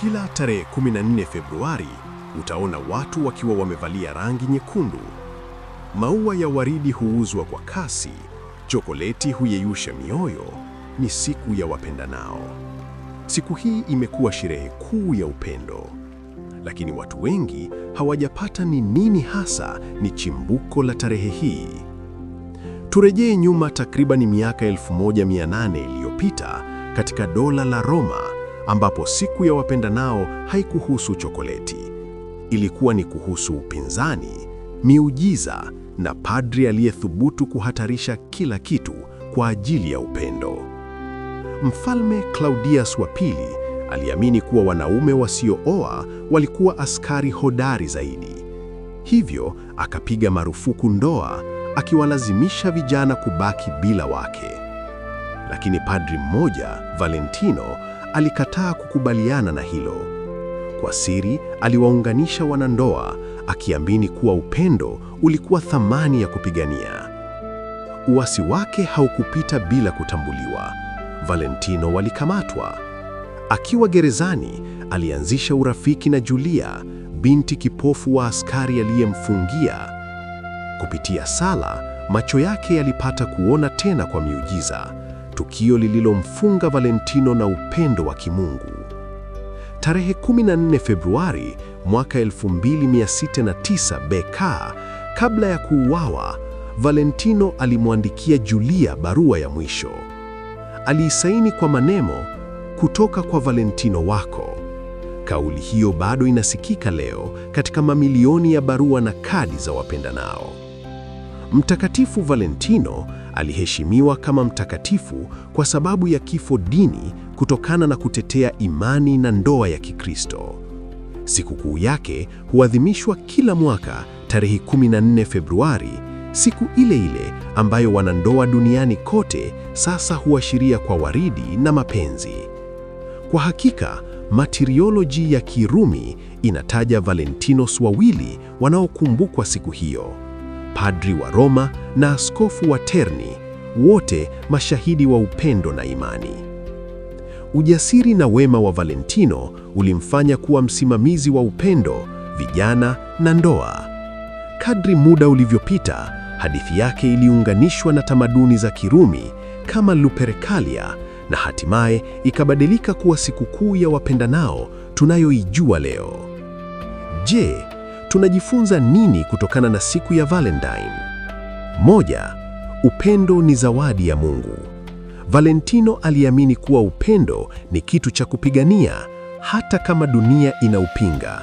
Kila tarehe 14 Februari utaona watu wakiwa wamevalia rangi nyekundu. Maua ya waridi huuzwa kwa kasi, chokoleti huyeyusha mioyo. Ni siku ya wapendanao. Siku hii imekuwa sherehe kuu ya upendo, lakini watu wengi hawajapata ni nini hasa ni chimbuko la tarehe hii. Turejee nyuma takriban miaka 1800 iliyopita katika dola la Roma ambapo siku ya wapenda nao haikuhusu chokoleti. Ilikuwa ni kuhusu upinzani, miujiza na padri aliyethubutu kuhatarisha kila kitu kwa ajili ya upendo. Mfalme Claudius wa pili aliamini kuwa wanaume wasiooa walikuwa askari hodari zaidi. Hivyo akapiga marufuku ndoa, akiwalazimisha vijana kubaki bila wake. Lakini padri mmoja Valentino alikataa kukubaliana na hilo. Kwa siri, aliwaunganisha wanandoa akiamini kuwa upendo ulikuwa thamani ya kupigania. Uasi wake haukupita bila kutambuliwa. Valentino walikamatwa. Akiwa gerezani, alianzisha urafiki na Julia, binti kipofu wa askari aliyemfungia. Kupitia sala, macho yake yalipata kuona tena kwa miujiza tukio lililomfunga Valentino na upendo wa kimungu. Tarehe 14 Februari mwaka 2609 BK, kabla ya kuuawa, Valentino alimwandikia Julia barua ya mwisho. Aliisaini kwa maneno kutoka kwa Valentino wako. Kauli hiyo bado inasikika leo katika mamilioni ya barua na kadi za wapendanao. Mtakatifu Valentino Aliheshimiwa kama mtakatifu kwa sababu ya kifo dini kutokana na kutetea imani na ndoa ya Kikristo. Sikukuu yake huadhimishwa kila mwaka tarehe 14 Februari, siku ile ile ambayo wanandoa duniani kote sasa huashiria kwa waridi na mapenzi. Kwa hakika, martirioloji ya Kirumi inataja Valentinos wawili wanaokumbukwa siku hiyo padri wa Roma na askofu wa Terni, wote mashahidi wa upendo na imani. Ujasiri na wema wa Valentino ulimfanya kuwa msimamizi wa upendo, vijana na ndoa. Kadri muda ulivyopita, hadithi yake iliunganishwa na tamaduni za Kirumi kama luperkalia na hatimaye ikabadilika kuwa sikukuu ya wapendanao tunayoijua leo. Je, tunajifunza nini kutokana na siku ya Valentine? Moja, upendo ni zawadi ya Mungu. Valentino aliamini kuwa upendo ni kitu cha kupigania hata kama dunia inaupinga.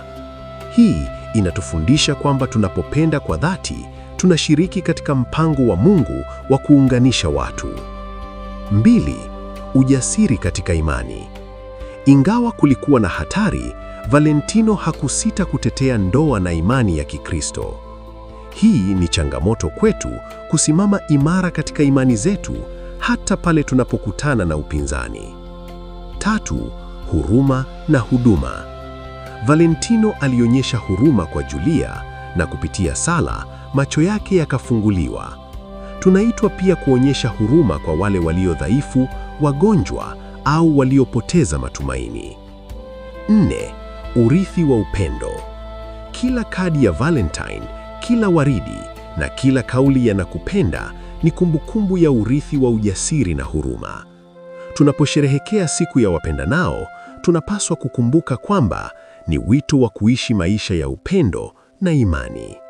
Hii inatufundisha kwamba tunapopenda kwa dhati, tunashiriki katika mpango wa Mungu wa kuunganisha watu. Mbili, ujasiri katika imani. Ingawa kulikuwa na hatari, Valentino hakusita kutetea ndoa na imani ya Kikristo. Hii ni changamoto kwetu kusimama imara katika imani zetu hata pale tunapokutana na upinzani. Tatu, huruma na huduma. Valentino alionyesha huruma kwa Julia na kupitia sala macho yake yakafunguliwa. Tunaitwa pia kuonyesha huruma kwa wale walio dhaifu, wagonjwa au waliopoteza matumaini. Nne, Urithi wa upendo. Kila kadi ya Valentine, kila waridi na kila kauli ya nakupenda ni kumbukumbu ya urithi wa ujasiri na huruma. Tunaposherehekea siku ya wapenda nao tunapaswa kukumbuka kwamba ni wito wa kuishi maisha ya upendo na imani.